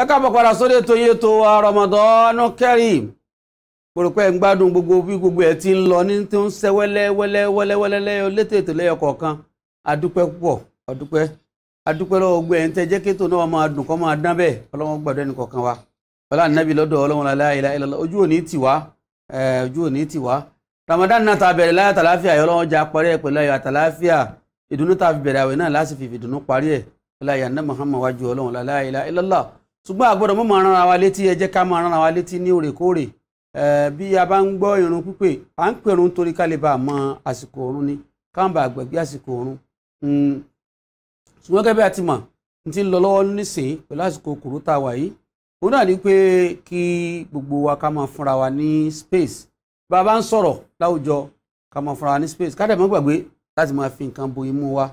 ẹ káàbọ̀ padà sórí ètò yìí ètò wa Ramadan Kareem pòròpẹ́ ń gbádùn gbogbo bí gbogbo ẹ̀ ti ń lọ ní tí ń ṣe wẹ́lẹ́ wẹ́lẹ́ wẹ́lẹ́ wẹ́lẹ́ létò ètò lẹ́yọ kọ̀ọ̀kan adúpẹ́ púpọ̀ adúpẹ́ adúpẹ́ lọ́wọ́ gbé ẹ̀yìn tẹ́ jẹ́ kí ètò náà máa dùn kọ́ máa dán bẹ́ẹ̀ ọlọ́wọ́n gbàdúrà ẹnì kọ̀ọ̀kan wa ọlá nàbì lọ́dọ̀ ọlọ́wọ́n la ilaha illallah ojú òní tì wá ojú òní tì wá Ramadan ta bẹ̀rẹ̀ láyà tàlàáfíà yọ ọlọ́wọ́n já parí ẹ̀ pẹ̀lú ayọ̀ àtàlàáfíà ìdùnnú ta fi bẹ̀rẹ̀ àwẹ̀ náà láti fi ìdùnnú parí ẹ̀ ọlá ìyànnà Muhammad wájú ọlọ́wọ́n ṣùgbọ́n àgbọ̀dọ̀ mọ́ máa ránra wa létí ẹ jẹ́ ká máa ránra wa létí ní òrèkóòrè bí a bá ń gbọ́ irun pípè à ń pè irun torí ká lè bá a mọ àsìkò ni àsìkò oorun ṣùgbọ́n gẹ́gẹ́ bí a ti mọ̀ n ti lọ lọ́wọ́ nísìnyí pẹ̀lú àsìkò tá a wà yìí òun náà ni pé kí gbogbo wa ká máa fúnra wa ní space bá a bá ń sọ̀rọ̀ wa ní space ká dẹ̀ gbàgbé láti máa fi nǹkan bo imú wa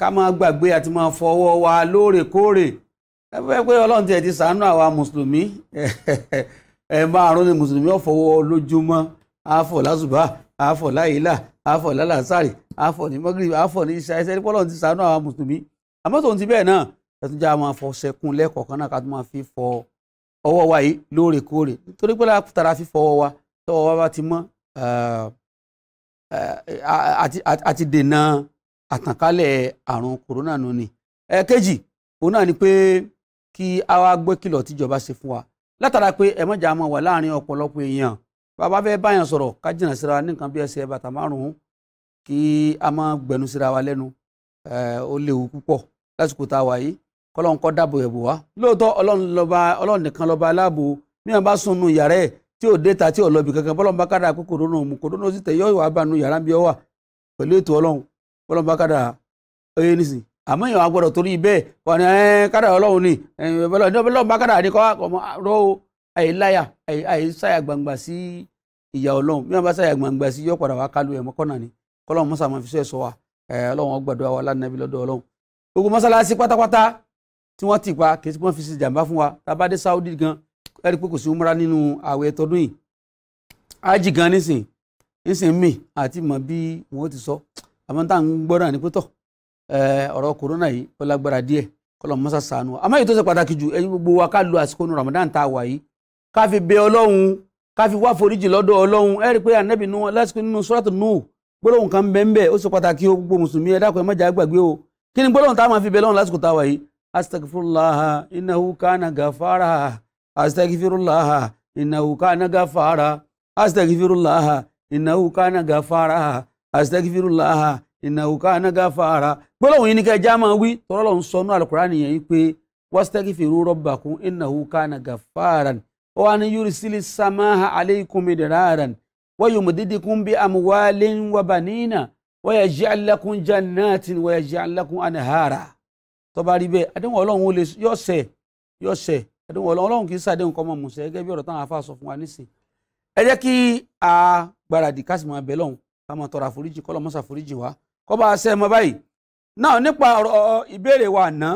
ká máa gbàgbé àti máa fọwọ́ wa lóòrèkóòrè ẹ fẹ́ pé ọlọ́run tiẹ̀ ti sàánú àwa mùsùlùmí ẹ márùn ni mùsùlùmí ọ̀fọwọ́ lójúmọ́ àfọ̀ lásùbà àfọ̀ láyìlá àfọ̀ lálàsárì àfọ̀ ní mọ́gírì àfọ̀ ní iṣẹ́ ẹsẹ̀ pé ọlọ́run ti sàánú àwa mùsùlùmí àmọ́ tòun ti bẹ́ẹ̀ náà ẹ tún já máa fọ ṣẹkun lẹ́kọ̀ọ̀kan náà ká tún máa fi fọ ọwọ́ wa yìí lóòrèkóòrè nítorí pé látara fífọ ọwọ́ wa tọwọ́ wa bá ti mọ́ kí a wá gbé kìlọ̀ tíjọba ṣe fún wa látara pé ẹ mọ̀jà máa wà láàrin ọ̀pọ̀lọpọ̀ èèyàn bàbá fẹ́ báyàn sọ̀rọ̀ ká jìnnà síra wa nìkan bí ẹsẹ̀ bàtà márùn-ún kí a máa gbẹnu síra wa lẹ́nu ó léwu púpọ̀ lásìkò tá a wà yìí kọ́lọ́n kọ́ dáàbò ẹ̀bùn wa lóòótọ́ ọlọ́run nìkan lọ́ba aláàbò mìíràn bá sunnu yàrá ẹ̀ tí ò déta tí ò lọ́bi kankan bọ́lọ́n bá kádà pé kòrónà òmù kòrónà sì tẹ̀ yọ ìwà abánu yàrá bí ọ wà pẹ̀lú ètò ọlọ́run bọ́lọ́n bá kádà ọyẹ́ nísìnyí àmọ́ èèyàn agbọ́dọ̀ torí bẹ́ẹ̀ wọn ẹ kádà ọlọ́run ni ọlọ́run bá kádà ní kọ́ rọ o àìláyà àìsáyà gbangba sí ìyá ọlọ́run bí wọ́n bá sáyà gbangba sí yóò padà wá kálù ẹ̀ mọ́kànnà ni kọ́lọ́run mọ́sà máa fi sọ ẹ̀ sọ wa ọlọ́run ọgbàdo àwọn alánàbí lọ́dọ̀ ọlọ́run gbogbo mọ́sálásí pátápátá tí wọ́n ti pa kì í wọ́n fi ṣe jàǹbá fún wa tá a bá dé Saudi gan ẹ rí pé kò sí umra nínú àwẹ̀ tọdún yìí ájì gan nísìn nísìn mí àti mọ̀ bí wọ́n ti sọ àmọ́ tá gbọ́dọ̀ ní pé tọ̀ ọ̀rọ̀ kòrónà yìí ó lágbára díẹ̀ kọ́lọ̀ mọ́sá sànù àmọ́ èyí tó ṣe pàtàkì jù ẹ̀yin gbogbo wa ká lu àsìkò Ramadan tá a wà yìí ká fi bẹ Ọlọ́run ká fi wá foríjì lọ́dọ̀ Ọlọ́run ẹ rí i pé ànábì nu lásìkò nínú sọ́ọ̀tù nù gbólóhùn kan bẹ́ẹ̀ bẹ́ẹ̀ ó ṣe pàtàkì o gbogbo mùsùlùmí ẹ dákun ẹ gbàgbé o kí ni gbólóhùn tá a máa fi bẹ Ọlọ́run lásìkò tá a wà ìnáwóká anágáfa ara gbólóhùn yìí ní kẹjá máa wí tọ́rọ́ lọ́hún sọ ní Al-Qur'ani yẹn pé wastaghfiru rabbakum innahu kana ghaffaran ó wá ní yursili samaha alaykum midraran wa yumdidukum bi amwalin wa banina wa yaj'al lakum jannatin wa yaj'al lakum anhara tó bá rí bẹ́ẹ̀ àdéhùn ọlọ́run ó lè yọ̀ọ̀sẹ̀ ọlọ́run kì í sàdéhùn kọ́ mọ́ mùsẹ̀ gẹ́gẹ́ bí ọ̀rọ̀ táwọn afá sọ fún wa nísìn ẹ jẹ́ kí a gbáradì ká sì máa bẹ̀ lọ́hùn ká máa tọrọ àforíjì kọ́lọ́ mọ́sàforíjì wa kó bá a ṣe mọ báyìí náà nípa ọ̀rọ̀ ìbéèrè wa àná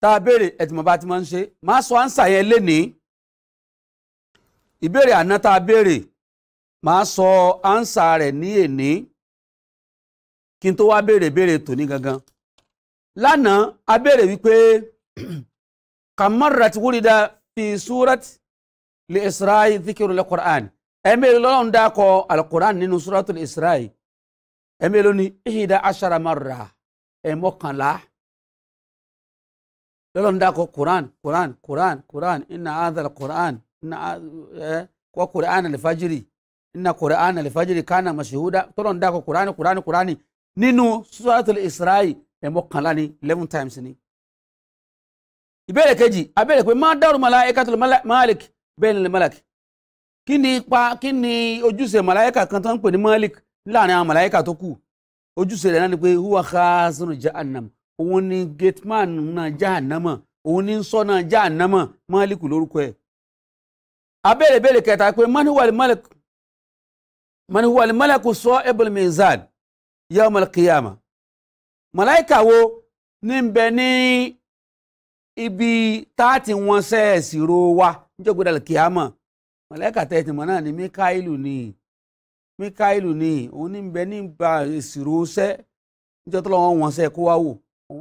tá a béèrè ẹ̀tìmọ̀ ti máa ń ṣe máa sọ àǹsà yẹn lénìí ìbéèrè àná tá a béèrè máa sọ àǹsà rẹ̀ ní èní kí n tó wá béèrè béèrè gangan lánàá a béèrè wípé kàmọ́rà ti fi súrat lè israel zikiru lè quran ẹ̀ẹ́mẹ́rin lọ́lọ́run dákọ̀ alukuran nínú ẹ̀mélòó ni ihida ashara marra ẹ̀mọ́kànlá lọ́lọ́ndàkọ̀ quran quran quran quran inna adal eh, quran inna ẹ̀ kọ́ quran alifajiri inna quran alifajiri kana mashuhuda tọ́lọ́ndàkọ̀ quran quran quran nínú suratul isra'i ẹ̀mọ́kànlá ni eleven times ni. ìbéèrè kejì abéèrè pé má dárú malaikatul malik bẹ́ẹ̀ ni malik kí ni ipa kí ni ojúṣe malaika kan tó ń pè ní malik láàrin àwọn màláíkà tó kù ojúṣe rẹ̀ náà ni pé huwa khazinu jahannam òun ni gateman náà jahannama òun ni ṣọ́nà jahannama máàlìkù lórúkọ ẹ̀. abẹ́rẹ́ bẹ́rẹ̀ kẹta pé manihuwali malaku sọ ebul mizan yawmal qiyama màláíkà wo ní bẹ ní ibi táàtì wọn sẹ́ẹ̀sì ro wa níjọ́ gbọ́dọ̀ náà ni nìyí. Míkáílù ni òun ní bẹ nígbà ìṣirò sẹ́ níjọ́ tó lọ́wọ́ wọn sẹ́ kó wá wò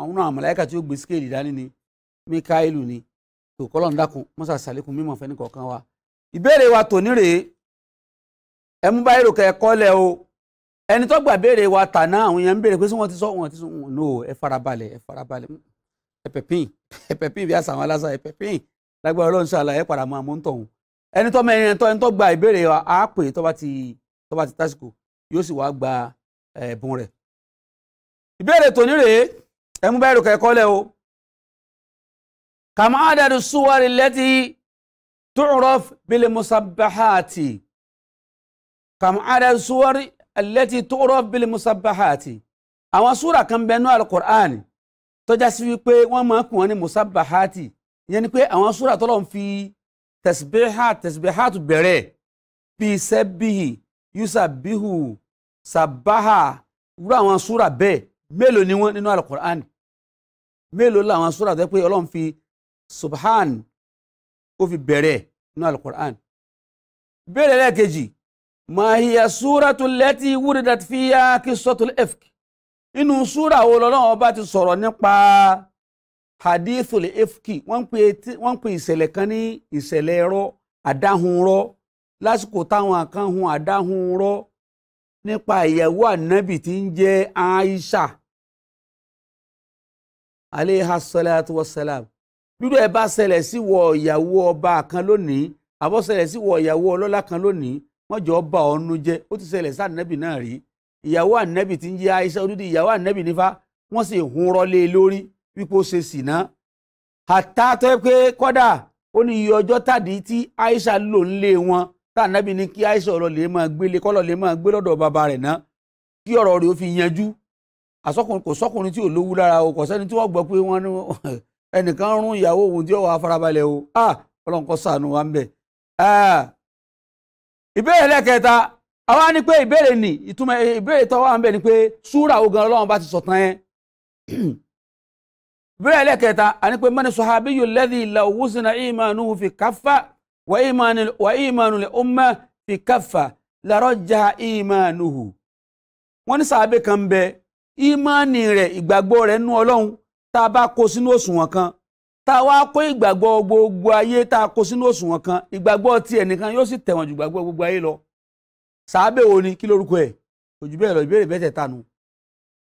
àwọn náà màláíkà tí ó gbé skéèlì dání ni Míkáílù ni tòkọ́lọ́ ń dákun mọ́sá sàlékún mímọ̀ fẹ́ nìkọ̀ọ̀kan wa. ìbéèrè wa tòní rèé ẹ mú báyìí rògbà ẹ̀kọ́ lẹ̀ o ẹni tó gbà béèrè wa tà náà àwọn èèyàn ń béèrè pé sí wọn ti sọ wọn ti sọ wọn no ẹ farabalẹ̀ ẹ farabalẹ̀ ẹpẹ̀pìn ẹpẹ̀pìn bí àṣà àwọn aláṣà ẹpẹ̀pìn lágbára ọlọ́run ṣàlàyé padà mọ́ àmọ́ ń tọ̀hún ẹni tó mẹ́rin ẹni tó gbà ìbéèrè wa á pè tó bá ti tó bá ti tásìkò yóò sì wá gba ẹ̀bùn rẹ̀. ìbéèrè tòní rèé ẹ̀mú bẹ́ẹ̀ rò kẹ́kọ́ lẹ́ o. kàmá àdàdù súwárì lẹ́tì tu'raf bil musabbahati kàmá àdàdù súwárì lẹ́tì tu'raf bil musabbahati. àwọn súra kan bẹ nú alukur'an tó sí wípé wọ́n máa kún wọn ní musabbahati ìyẹn ni pé àwọn súra tó lọ́n fi tẹ̀sibíhà bẹ̀rẹ̀ bíi sẹ́bíhì yusabihu sabaha irú àwọn súra bẹ́ẹ̀ mélòó ni wọ́n nínú alukur'an mélòó làwọn súra tó pé ọlọ́run fi subhan ó fi bẹ̀rẹ̀ nínú alukur'an. ìbéèrè lẹ́ẹ̀kejì mahiya suratul lati wuridat fiya qissatul ifk inú súra wo lọ́lọ́run ọba ti sọ̀rọ̀ nípa hadithul ifki wọ́n ń pè ìṣẹ̀lẹ̀ kan ní ìṣẹ̀lẹ̀ ẹ̀rọ àdáhùn rọ́ lásìkò táwọn kan hun àdáhùn rọ́ nípa ìyàwó ànábì tí ń jẹ́ Aisha aleyha salatu wa salam dúró ẹ bá ṣẹlẹ̀ sí wọ ìyàwó ọba kan lónìí àbọ̀ ṣẹlẹ̀ sí wọ ìyàwó ọlọ́lá kan lónìí wọ́n jọ bà ọ́ nu jẹ́ ó ti ṣẹlẹ̀ sí ànábì náà rí ìyàwó ànábì tí ń jẹ́ Aisha odidi ìyàwó ànábì nífa wọ́n sì hun rọlé e lórí wípé ó ṣe sì náà àtàtọ́ pé kọ́dà ó ní iye ọjọ́ tàdí tí Aisha lò ń lé wọn tá ànábì ní kí àìsàn ọ̀rọ̀ lè máa gbélé kọ́lọ̀ lè máa gbé lọ́dọ̀ bàbá rẹ̀ ná kí ọ̀rọ̀ rẹ̀ ó fi yanjú kò sọ́kùnrin tí ò lówú lára o kò sẹ́ni tí wọ́n gbọ́ pé wọ́n ní ẹnìkan rún ìyàwó òun tí ó wà farabalẹ̀ o ah ọlọ́run kó ṣàánú wa ń bẹ̀. ìbéèrè lẹ́kẹta àwa ni pé ìbéèrè ni ìtumọ̀ eh, ìbéèrè tó wà ń bẹ̀ ni pé súrà ogan ọlọ́run bá ti ìbéèrè lẹ́kẹta pé lẹ́dí ìlà fi káfá wa imanu le umma fi kafa larọjà imanuhu wọ́n ní sàábé kan bẹ ìmánì rẹ̀ ìgbàgbọ́ rẹ̀ nú Ọlọ́run tá a bá kó sínú òṣùwọ̀n kan tá a wá kó ìgbàgbọ́ gbogbo ayé tá a kó sínú òṣùwọ̀n kan ìgbàgbọ́ tiẹ̀ nìkan yóò sì tẹ̀wọ̀n ju ìgbàgbọ́ gbogbo ayé lọ sàábé wo ni kí lórúkọ ẹ̀ òjú bẹ́ẹ̀ lọ ìbéèrè bẹ́ẹ̀ tẹ̀ta nu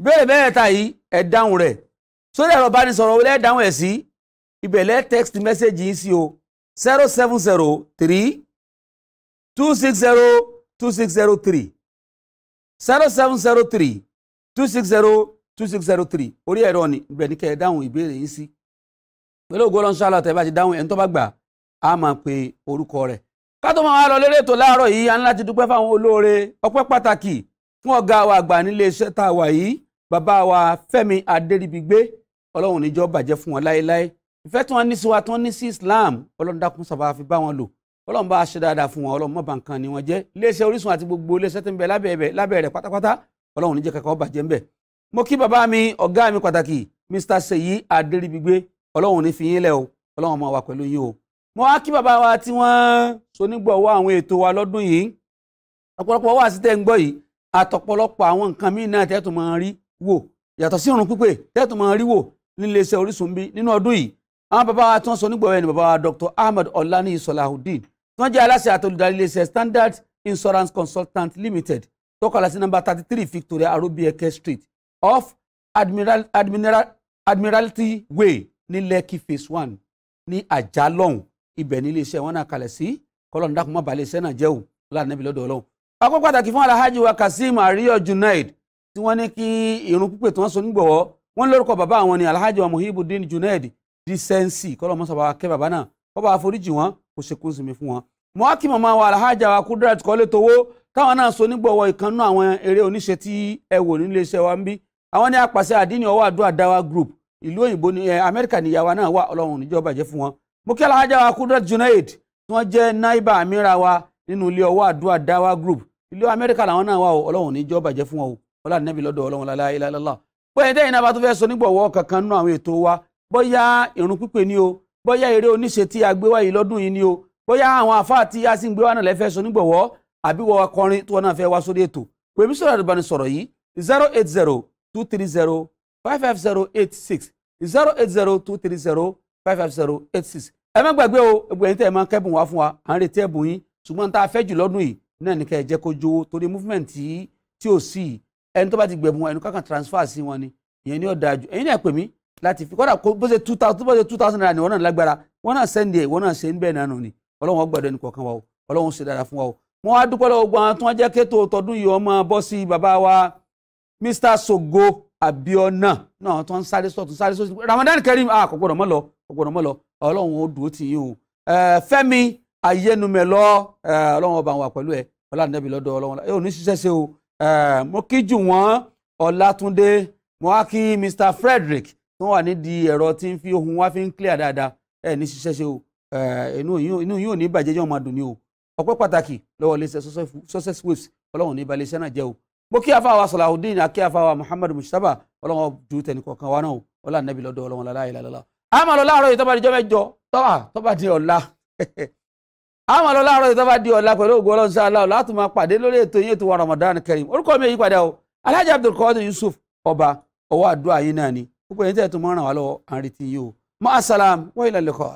ìbéèrè bẹ́ẹ̀ ta yìí ẹ̀ dáhùn rẹ̀ sórí ẹ̀rọ bá ní sọ̀rọ̀ zero seven zero three two six zero two six zero three zero seven zero three two six zero two six zero three orí ẹ̀rọ ni ibẹ̀ ní kẹ́ ẹ dáhùn ìbéèrè yín sí pẹ̀lú ògo ọlọ́run ṣáàlà tẹ́ bá ti dáhùn ẹni tó bá gbà á máa pe orúkọ rẹ̀ ká tó máa lọ lérè ètò láàárọ̀ yìí a ní láti dúpẹ́ fáwọn olóore ọpẹ́ pàtàkì fún ọ̀gá wa àgbà nílé iṣẹ́ tá a wà yìí bàbá wa Fẹ́mi Adéríbigbé ọlọ́run níjọ́ bàjẹ́ fún wọn láéláé ìfẹ́ tí wọ́n ní sí wa tí wọ́n ní sí Islam ọlọ́run dákun sábà fi bá wọn lò ọlọ́run bá a ṣe dáadáa fún wọn ọlọ́run mọ̀bà nǹkan ni wọ́n jẹ́ iléeṣẹ́ Orísun àti gbogbo iléeṣẹ́ tí ń bẹ lábẹ́ rẹ̀ pátápátá ọlọ́run níjẹ́ kankan bàjẹ́ ń bẹ̀. mo kí bàbá mi ọ̀gá mi pàtàkì Mr Seyi Adéríbigbé ọlọ́run ní fi yín lẹ̀ o ọlọ́run máa wà pẹ̀lú yín o. mo wá kí bàbá wa tí wọ́n sonígbọ̀wọ́ àwọn ètò wa lọ́dún yìí ọ̀pọ̀lọpọ̀ wà sí tẹ́ ń gbọ́ yìí àtọ̀pọ̀lọpọ̀ àwọn nǹkan míì náà tẹ́tù máa rí wò yàtọ̀ sí irun pípé tẹ́tù máa rí wò níléeṣẹ́ Orísun bí nínú ọdún yìí àwọn bàbá wa tí wọ́n sọ nígbọ̀wọ́ ẹni bàbá wa Dr. Ahmed Olani Solahudeen tí wọ́n jẹ́ aláṣẹ àtolùdarí iléeṣẹ́ Standard Insurance Consultant Limited tọ́kọ̀lá sí nọ́mbà thirty three Victoria Arobieke Street off Admiral, Admiralty Way ní Lekki phase one ní àjálọ̀hún ibẹ̀ ní iléeṣẹ́ wọn náà kalẹ̀ sí kọlọ́ọ̀nù dákun má bà iléeṣẹ́ náà jẹ́ o láàrin níbi lọ́dọ̀ ọlọ́run. akọ́ pàtàkì fún alhaji wa kazeem ariyo junaid tí wọ́n ní kí irun pípé tí wọ́n so nígbọ̀wọ́ wọ́n lórúkọ bàbá àwọn ni alhaji wa muhibudin junaid dísẹ́ǹsì kọ́lọ́ mọ́sá bá wa kẹ́ bàbá náà kọ́ bá wa foríjì wọn kó ṣe kó ń sinmi fún wọn. mo wá kí màmá wa alhaja wa Kudirat Kọ́lé Towó táwọn náà so nígbọ̀wọ́ ìkànnú àwọn eré oníṣe tí ẹ wò nílé iṣẹ́ wa ń bí àwọn ní apàṣẹ àdínní ọwọ́ àdúrà dáwà group ìlú òyìnbó ní ẹ amẹ́ríkà níyàwó náà wà ọlọ́run níjọba jẹ́ fún wọn. mo kí alhaja wa Junaid tí wọ́n jẹ́ naiba amira wa nínú ilé ọwọ́ àdúrà dáwà group ìlú amẹ́ríkà làwọn náà wà ọlọ́run níjọba jẹ́ fún wọn o ọlá nẹ́bí lọ́dọ̀ ọlọ́run lálá ilá lọ́lá. bóyá ẹ̀dẹ́yìn náà bá tún fẹ́ bóyá ìrun pípé ni o bóyá eré oníṣe tí a gbé wá yìí lọ́dún yìí ni o bóyá àwọn àfáà tí a sì ń gbé wá náà lẹ́fẹ́ sọ nígbọ̀wọ́ àbí wọ́n akọrin tí wọ́n náà fẹ́ wá sórí ètò pèmí sọ̀rọ̀ ìbánisọ̀rọ̀ yìí zero eight zero two three zero five five zero eight six zero eight zero two three zero five five zero eight six ẹ má gbàgbé o egbò ẹ̀yin tẹ́ ẹ máa kẹ́bùn wá fún wa à ń retí ẹ̀bùn yín ṣùgbọ́n tá a fẹ́ jù lọ́dún yìí náà ní ká ẹ jẹ́ kó jówó torí movement yìí tí ò sí ẹni tó bá ti gbẹ̀bùn ẹnu kákan transfer sí wọn ni ìyẹn ni ó dáa jù ẹ̀yin náà pè mí láti fi kọ́dà bó ṣe two thousand bó ṣe two thousand naira ni wọ́n náà lágbára wọ́n náà sẹ́ndì ẹ̀ wọ́n náà ṣe ń bẹ́ẹ̀ náà nù ni ọlọ́run gbàdọ̀ ẹnì kọ̀ọ̀kan wa o ọlọ́run ṣe dára fún wa o. mo wá dúpẹ́ lọ́wọ́ gbogbo àwọn tí wọ́n jẹ́ kéto tọdún yìí ọmọ bọ́ sí bàbá wa Mr Sogo Abiona náà tó ń sáré sọ̀tún sáré sọ̀tún Ramadan Kareem ah kò gbọdọ̀ mọ́ lọ kò gbọdọ̀ mọ́ lọ ọlọ́run ó dùn ó tì yín o Fẹ́mi Ayénumẹ́lọ ọlọ́run ọba wa pẹ̀lú ẹ ọlànàbí lọ́dọ̀ ọlọ́run ẹ ò ní ṣiṣẹ́ ṣe o mo kí jù wọ́n Ọlátúndé mo wá kí Mr Frederick tó wà nídìí ẹ̀rọ tí ń fi ohun wá fi ń clear dáadáa ẹ̀ ní ṣiṣẹ́ ṣe o inú yóò ní bàjẹ́ jẹ́ ọmọ àdùn ni o ọpẹ́ pàtàkì lọ́wọ́ iléeṣẹ́ success waves ọlọ́run ní balẹ̀ iṣẹ́ náà jẹ́ o mo kí afáwa salahudeen akí afáwa muhammadu mustapha ọlọ́run ju tẹnìkọ̀ọ̀kan wa náà o ọlá nàbí lọ́dọ̀ ọlọ́run lálá ìlà lọ́la àmọ́ lọ láàárọ̀ ìtọ́ba díjọ́ mẹ́jọ tọ́ba tọ́ba di ọ̀la àmọ́ lọ láàárọ̀ ìtọ́ba di ọ̀la pẹ̀lú ògùn ọlọ́run wa ramadan kareem orúkọ mi yí padà o alhaji yusuf ọba ọwọ́ àdúrà yín gbogbo ẹ̀yin tẹ̀ tó mọ́ ràn wá lọ́wọ́ àrètí yìí o máa sàlám wa ilal liqa.